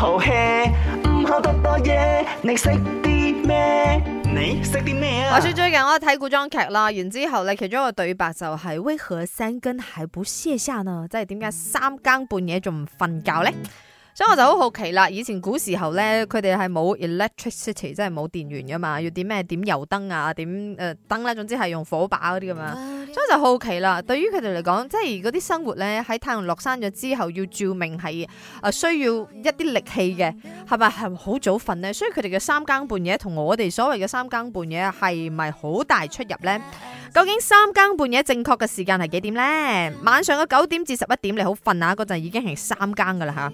好好多你識啲咩？你話說，最近我睇古裝劇啦，然之後咧，其中一個對白就係為何三更還不卸下呢？即係點解三更半夜仲唔瞓覺咧？所以我就好好奇啦。以前古時候咧，佢哋係冇 electricity，即係冇電源噶嘛，要點咩點油燈啊？點誒燈咧？總之係用火把嗰啲噶嘛。所以就好奇啦，對於佢哋嚟講，即係嗰啲生活咧，喺太陽落山咗之後要照明係啊，需要一啲力氣嘅，係咪係好早瞓咧？所以佢哋嘅三更半夜同我哋所謂嘅三更半夜係咪好大出入咧？究竟三更半夜正確嘅時間係幾點咧？晚上嘅九點至十一點，你好瞓下嗰陣已經係三更噶啦吓，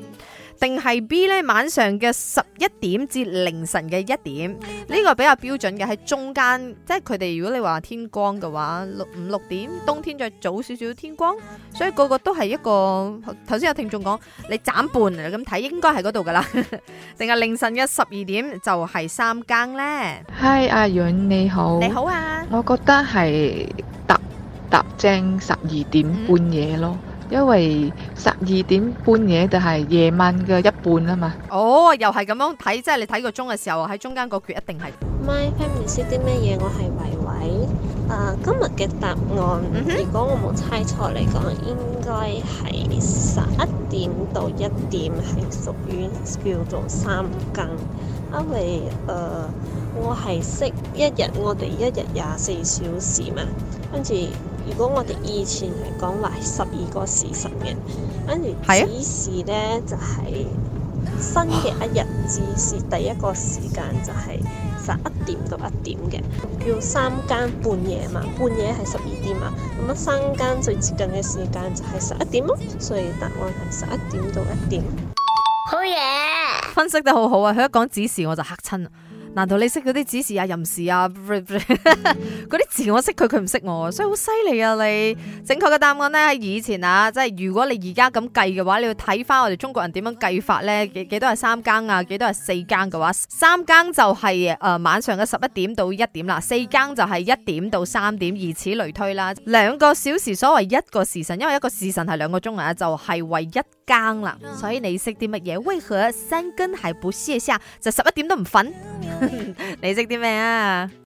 定係 B 咧？晚上嘅十一點至凌晨嘅一點，呢個比較標準嘅喺中間，即係佢哋如果你話天光嘅話，六五六點，冬天再早少少天光，所以個個都係一個。頭先有聽眾講，你斬半啊，咁睇應該係嗰度噶啦，定係凌晨嘅十二點就係三更咧？係阿允你好，你好啊。我覺得係踏踏正十二點半夜咯，因為十二點半夜就係夜晚嘅一半啊嘛。哦，又係咁樣睇，即係你睇個鐘嘅時候喺中間嗰橛一定係。My family 識啲咩嘢？我係維維。Uh，今日嘅答案，mm hmm。如果我冇猜錯嚟講，應該係十。點到一點係屬於叫做三更，因為誒、呃、我係識一日，我哋一日廿四小時嘛，跟住如果我哋以前係講話十二個時辰嘅，跟住幾時咧就係、是。哇新嘅一日指示第一個時間就係十一點到一點嘅，叫三更半夜嘛，半夜係十二點嘛，咁啊三更最接近嘅時間就係十一點咯，所以答案係十一點到一點。好嘢耶，分析得好好啊！佢一講指示我就吓親啦。難道你識嗰啲指示啊、寅時啊？嗰 啲字我識佢，佢唔識我，所以好犀利啊你！你正確嘅答案呢？以前啊，即係如果你而家咁計嘅話，你要睇翻我哋中國人點樣計法呢？幾幾多係三更啊？幾多係四更嘅話，三更就係、是、誒、呃、晚上嘅十一點到一點啦，四更就係一點到三點，以此類推啦。兩個小時所謂一個時辰，因為一個時辰係兩個鐘啊，就係、是、為一。僵啦，所以你食啲乜嘢？為何三更還不卸下，就十一點都唔瞓？ 你食啲咩啊？